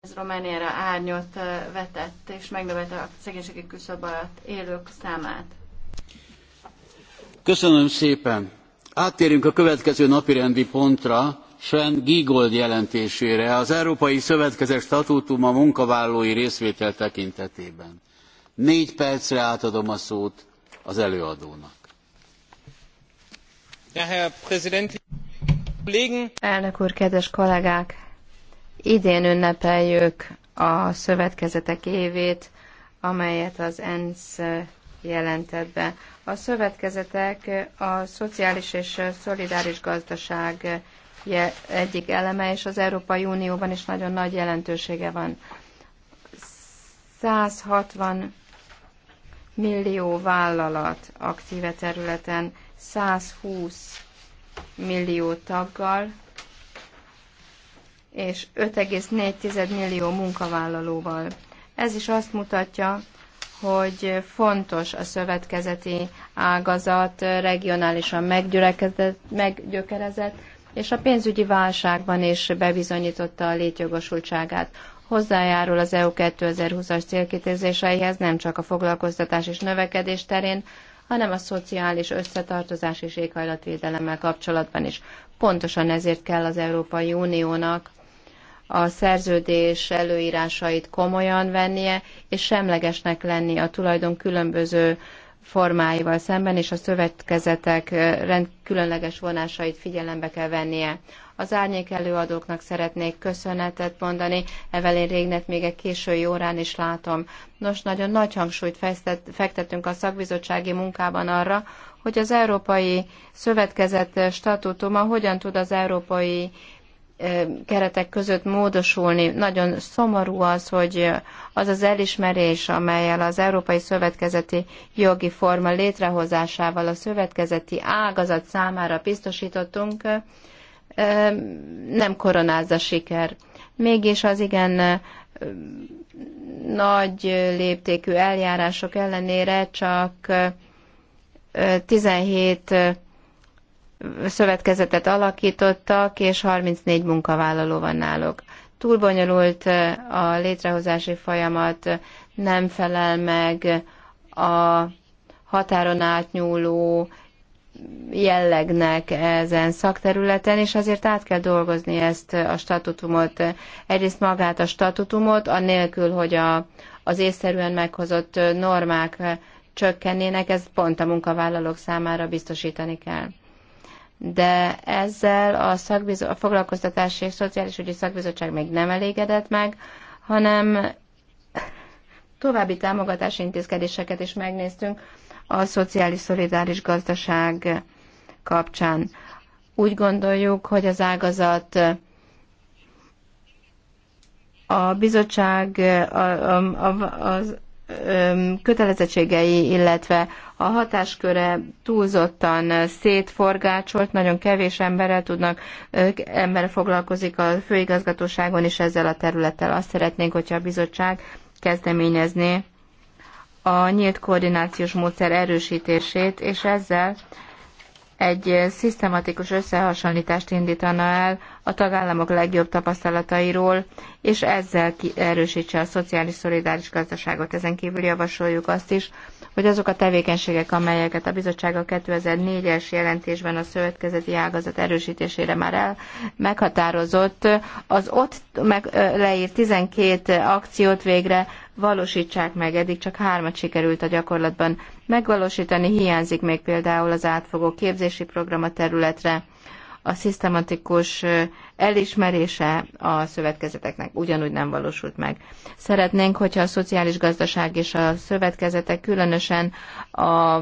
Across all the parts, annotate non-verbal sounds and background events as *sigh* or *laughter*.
ez Romániára árnyot vetett, és megnövelte a szegénységi küszöb alatt élők számát. Köszönöm szépen! Áttérünk a következő napirendi pontra, Sven Giegold jelentésére, az Európai Szövetkezet statútuma munkavállalói részvétel tekintetében. Négy percre átadom a szót az előadónak. Ja, Herr Präsident, Elnök úr, kedves kollégák! Idén ünnepeljük a szövetkezetek évét, amelyet az ENSZ jelentett be. A szövetkezetek a szociális és szolidáris gazdaság egyik eleme, és az Európai Unióban is nagyon nagy jelentősége van. 160 millió vállalat aktíve területen, 120 millió taggal, és 5,4 millió munkavállalóval. Ez is azt mutatja, hogy fontos a szövetkezeti ágazat, regionálisan meggyökerezett, és a pénzügyi válságban is bebizonyította a létjogosultságát. Hozzájárul az EU 2020-as célkitézéseihez nem csak a foglalkoztatás és növekedés terén, hanem a szociális összetartozás és éghajlatvédelemmel kapcsolatban is. Pontosan ezért kell az Európai Uniónak a szerződés előírásait komolyan vennie, és semlegesnek lenni a tulajdon különböző formáival szemben, és a szövetkezetek rend különleges vonásait figyelembe kell vennie. Az árnyék előadóknak szeretnék köszönetet mondani, Evelyn Régnet még egy késői órán is látom. Nos, nagyon nagy hangsúlyt fesztett, fektetünk a szakbizottsági munkában arra, hogy az Európai Szövetkezet statútuma hogyan tud az Európai keretek között módosulni. Nagyon szomorú az, hogy az az elismerés, amelyel az Európai Szövetkezeti Jogi Forma létrehozásával a szövetkezeti ágazat számára biztosítottunk, nem koronázza siker. Mégis az igen nagy léptékű eljárások ellenére csak 17 szövetkezetet alakítottak, és 34 munkavállaló van náluk. Túl bonyolult a létrehozási folyamat, nem felel meg a határon átnyúló jellegnek ezen szakterületen, és azért át kell dolgozni ezt a statutumot. Egyrészt magát a statutumot, anélkül, hogy a, az észszerűen meghozott normák csökkennének, ez pont a munkavállalók számára biztosítani kell de ezzel a, szakbizo- a foglalkoztatási és szociális ügyi szakbizottság még nem elégedett meg, hanem további támogatási intézkedéseket is megnéztünk a szociális szolidáris gazdaság kapcsán. Úgy gondoljuk, hogy az ágazat a bizottság, a, a, a, az kötelezettségei, illetve a hatásköre túlzottan szétforgácsolt, nagyon kevés emberrel tudnak, ember foglalkozik a főigazgatóságon is ezzel a területtel. Azt szeretnénk, hogyha a bizottság kezdeményezné a nyílt koordinációs módszer erősítését, és ezzel egy szisztematikus összehasonlítást indítana el a tagállamok legjobb tapasztalatairól, és ezzel erősítse a szociális szolidáris gazdaságot. Ezen kívül javasoljuk azt is, hogy azok a tevékenységek, amelyeket a bizottság a 2004-es jelentésben a szövetkezeti ágazat erősítésére már el meghatározott, az ott meg, leírt 12 akciót végre valósítsák meg, eddig csak hármat sikerült a gyakorlatban megvalósítani, hiányzik még például az átfogó képzési program a területre, a szisztematikus elismerése a szövetkezeteknek ugyanúgy nem valósult meg. Szeretnénk, hogyha a szociális gazdaság és a szövetkezetek különösen a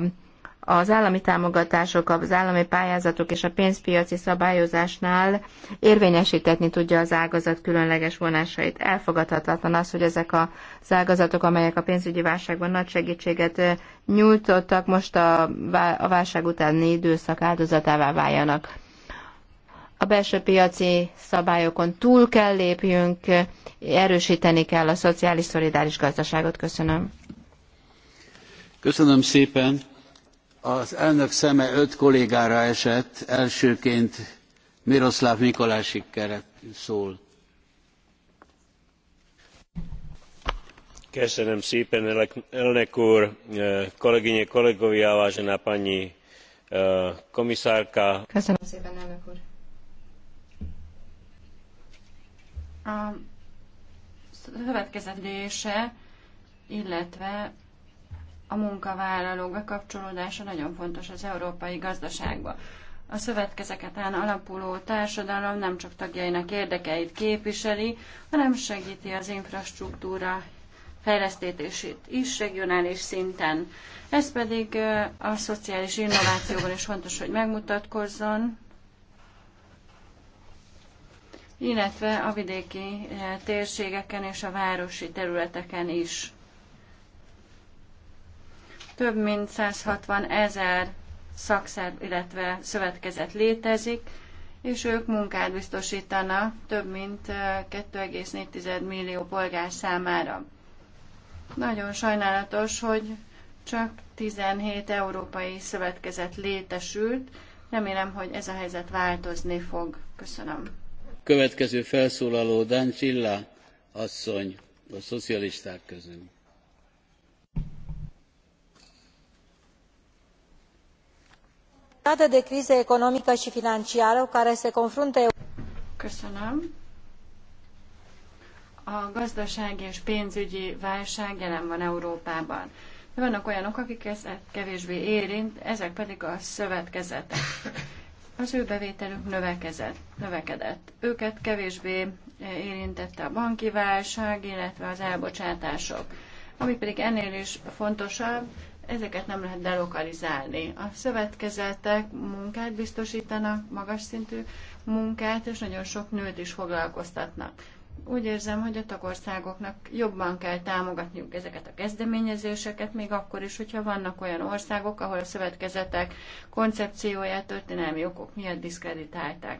az állami támogatások, az állami pályázatok és a pénzpiaci szabályozásnál érvényesítetni tudja az ágazat különleges vonásait. Elfogadhatatlan az, hogy ezek az ágazatok, amelyek a pénzügyi válságban nagy segítséget nyújtottak, most a válság utáni időszak áldozatává váljanak a belső piaci szabályokon túl kell lépjünk, erősíteni kell a szociális szolidáris gazdaságot. Köszönöm. Köszönöm szépen. Az elnök szeme öt kollégára esett, elsőként Miroszláv Mikolásik keret szól. Köszönöm szépen, elnök úr, kolegyne, kollégovia, vážená pani eh, komisárka. Köszönöm szépen, elnök úr. a következetése, illetve a munkavállalók bekapcsolódása nagyon fontos az európai gazdaságba. A szövetkezeketen alapuló társadalom nem csak tagjainak érdekeit képviseli, hanem segíti az infrastruktúra fejlesztését is regionális szinten. Ez pedig a szociális innovációban is fontos, hogy megmutatkozzon, illetve a vidéki eh, térségeken és a városi területeken is. Több mint 160 ezer szakszerv, illetve szövetkezet létezik, és ők munkát biztosítana több mint 2,4 eh, millió polgár számára. Nagyon sajnálatos, hogy csak 17 európai szövetkezet létesült. Remélem, hogy ez a helyzet változni fog. Köszönöm következő felszólaló dancsilla asszony a szocialisták közül. perioadă de criză economică și financiară cu care se confruntă A gazdasági és pénzügyi válság jelen van Európában. Vannak olyanok, akik ezt kevésbé érint, ezek pedig a szövetkezetek az ő bevételük növekezett, növekedett. Őket kevésbé eh, érintette a banki válság, illetve az elbocsátások. Ami pedig ennél is fontosabb, ezeket nem lehet delokalizálni. A szövetkezetek munkát biztosítanak, magas szintű munkát, és nagyon sok nőt is foglalkoztatnak. Úgy érzem, hogy a tagországoknak jobban kell támogatniuk ezeket a kezdeményezéseket, még akkor is, hogyha vannak olyan országok, ahol a szövetkezetek koncepcióját történelmi okok miatt diszkreditálták.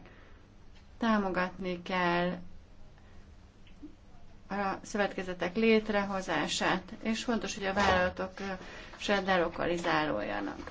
Támogatni kell a szövetkezetek létrehozását, és fontos, hogy a vállalatok se delokalizálójanak.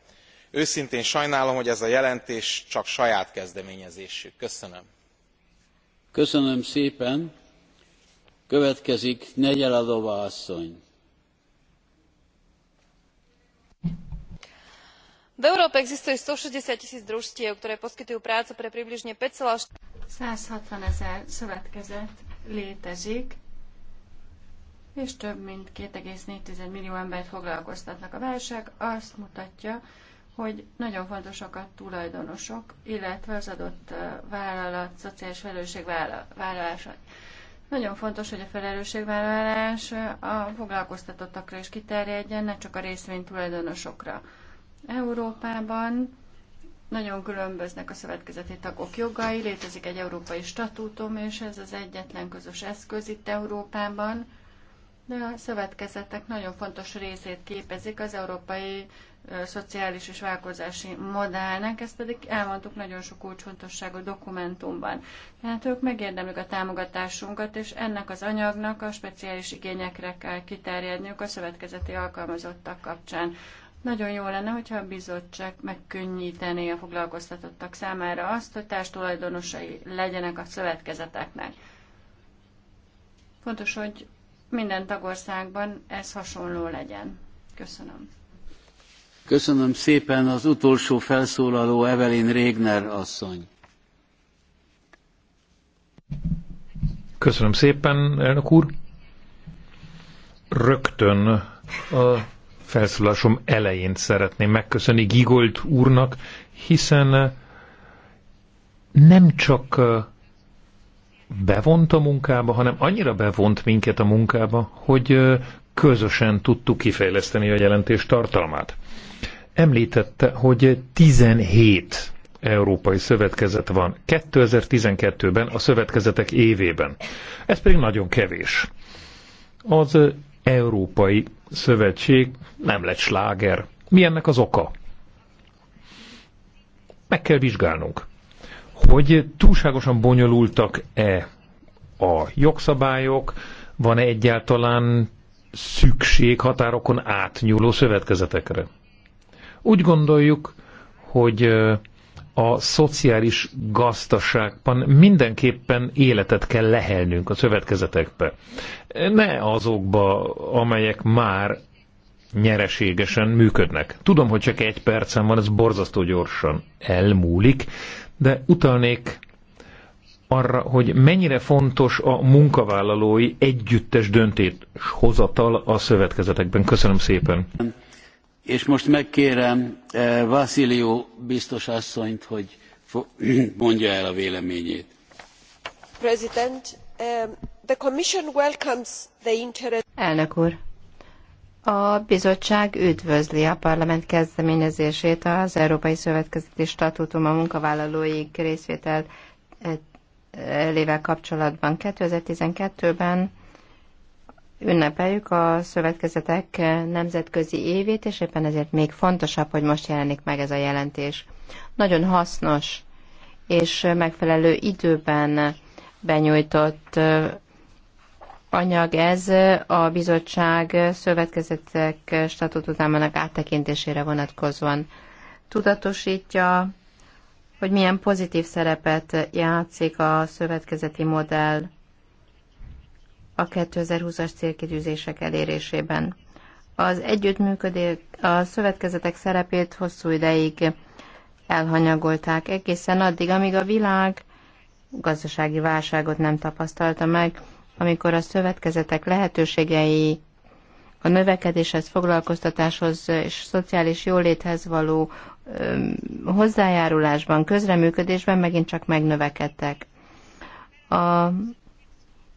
őszintén sajnálom hogy ez a jelentés csak saját kezdeményezésű. köszönöm. köszönöm szépen. következik v európe existuje one hundred and sixty tisíc družstiev ktoré poskytujú prácu pre približne five one ezer szövetkezet létezik, és több mint 2,4 millió embert foglalkoztatnak. A válság azt mutatja, hogy nagyon fontosak a tulajdonosok, illetve az adott vállalat szociális felelősségvállalása. Nagyon fontos, hogy a felelősségvállalás a foglalkoztatottakra is kiterjedjen, ne csak a részvény tulajdonosokra. Európában nagyon különböznek a szövetkezeti tagok jogai, létezik egy európai statútum, és ez az egyetlen közös eszköz itt Európában, de a szövetkezetek nagyon fontos részét képezik az európai szociális és válkozási modellnek, ezt pedig elmondtuk nagyon sok kulcsfontosságú dokumentumban. Tehát ők megérdemlik a támogatásunkat, és ennek az anyagnak a speciális igényekre kell kiterjedniük a szövetkezeti alkalmazottak kapcsán. Nagyon jó lenne, hogyha a bizottság megkönnyítené a foglalkoztatottak számára azt, hogy társtulajdonosai legyenek a szövetkezeteknek. Fontos, hogy minden tagországban ez hasonló legyen. Köszönöm. Köszönöm szépen az utolsó felszólaló Evelin Régner asszony. Köszönöm szépen, elnök úr. Rögtön a felszólásom elején szeretném megköszönni Gigolt úrnak, hiszen nem csak bevont a munkába, hanem annyira bevont minket a munkába, hogy közösen tudtuk kifejleszteni a jelentés tartalmát. Említette, hogy 17 európai szövetkezet van 2012-ben, a szövetkezetek évében. Ez pedig nagyon kevés. Az Európai Szövetség nem lett sláger. Mi ennek az oka? Meg kell vizsgálnunk hogy túlságosan bonyolultak-e a jogszabályok, van-e egyáltalán szükség határokon átnyúló szövetkezetekre. Úgy gondoljuk, hogy a szociális gazdaságban mindenképpen életet kell lehelnünk a szövetkezetekbe. Ne azokba, amelyek már nyereségesen működnek. Tudom, hogy csak egy percen van, ez borzasztó gyorsan elmúlik, de utalnék arra, hogy mennyire fontos a munkavállalói együttes döntés hozatal a szövetkezetekben. Köszönöm szépen. És most megkérem eh, Vasilió biztos asszonyt, hogy *clears throat* mondja el a véleményét. President, eh, the Commission welcomes the interest... Elnök úr, a bizottság üdvözli a parlament kezdeményezését az Európai Szövetkezeti Statútum a munkavállalói részvétel eh, lével kapcsolatban. 2012-ben ünnepeljük a szövetkezetek nemzetközi évét, és éppen ezért még fontosabb, hogy most jelenik meg ez a jelentés. Nagyon hasznos és megfelelő időben benyújtott eh, anyag ez a bizottság szövetkezetek statututának áttekintésére vonatkozóan. Tudatosítja, hogy milyen pozitív szerepet játszik a szövetkezeti modell a 2020-as célkitűzések elérésében. Az együttműködés, a szövetkezetek szerepét hosszú ideig elhanyagolták egészen addig, amíg a világ gazdasági válságot nem tapasztalta meg, amikor a szövetkezetek lehetőségei a növekedéshez, foglalkoztatáshoz és szociális jóléthez való hozzájárulásban, közreműködésben megint csak megnövekedtek. A,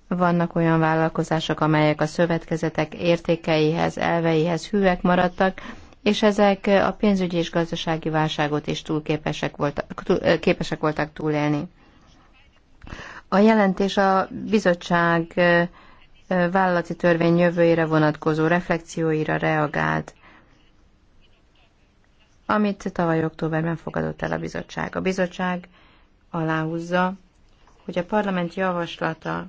vannak olyan vállalkozások, amelyek a szövetkezetek értékeihez, elveihez hűek maradtak, és ezek a pénzügyi és gazdasági válságot is túl képesek voltak, túl, képesek voltak túlélni. A jelentés a bizottság vállalati törvény jövőjére vonatkozó reflexióira reagált, amit tavaly októberben fogadott el a bizottság. A bizottság aláhúzza, hogy a parlament javaslata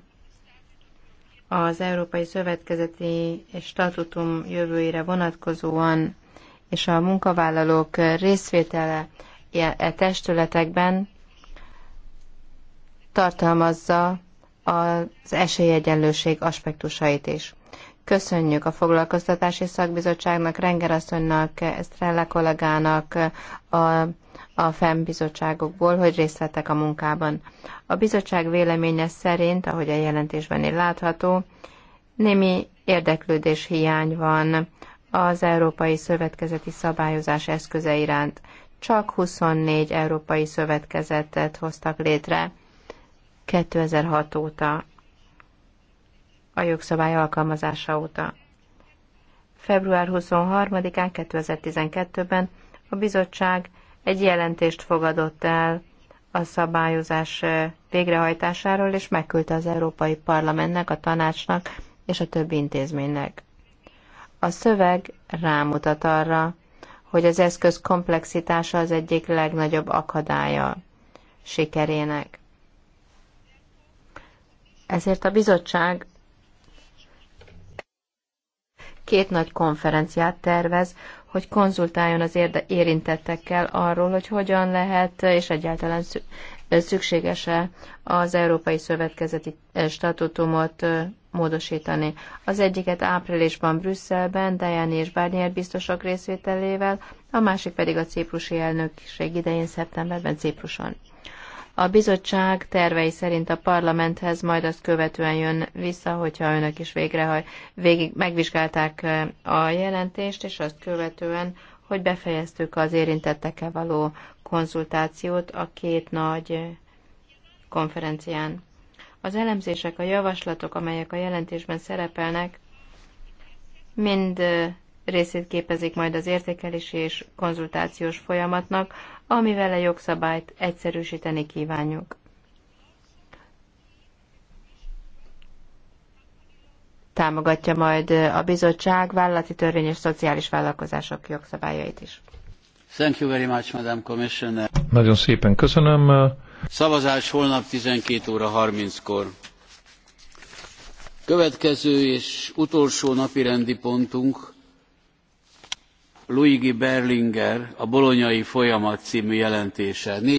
az Európai Szövetkezeti Statutum jövőjére vonatkozóan és a munkavállalók részvétele e testületekben tartalmazza az esélyegyenlőség aspektusait is. Köszönjük a Foglalkoztatási Szakbizottságnak, Renger asszonynak, Estrella kollégának a, a FEM bizottságokból, hogy részt vettek a munkában. A bizottság véleménye szerint, ahogy a jelentésben is látható, némi érdeklődés hiány van az Európai Szövetkezeti Szabályozás eszköze iránt. Csak 24 Európai Szövetkezetet hoztak létre 2006 óta, a jogszabály alkalmazása óta. Február 23-án 2012-ben a bizottság egy jelentést fogadott el a szabályozás végrehajtásáról, és megküldte az Európai Parlamentnek, a tanácsnak és a többi intézménynek. A szöveg rámutat arra, hogy az eszköz komplexitása az egyik legnagyobb akadálya sikerének. Ezért a bizottság két nagy konferenciát tervez, hogy konzultáljon az érintettekkel arról, hogy hogyan lehet, és egyáltalán szükséges-e az Európai Szövetkezeti e, Statutumot e, módosítani. Az egyiket áprilisban Brüsszelben Diane és Barnier biztosok részvételével, a másik pedig a ciprusi elnökség idején szeptemberben Cipruson. A bizottság tervei szerint a parlamenthez majd azt követően jön vissza, hogyha önök is végre végig megvizsgálták eh, a jelentést, és azt követően, hogy befejeztük az érintettekkel való konzultációt a két nagy konferencián. Az elemzések, a javaslatok, amelyek a jelentésben szerepelnek, mind eh, részét képezik majd az értékelési és konzultációs folyamatnak, amivel a jogszabályt egyszerűsíteni kívánjuk. Támogatja majd a bizottság vállalati törvény és szociális vállalkozások jogszabályait is. Thank you very much, Madam Commissioner. Nagyon szépen köszönöm. Szavazás holnap 12 óra 30-kor. Következő és utolsó napirendi pontunk luigi berlinguer a Bolognai folyamat című jelentése.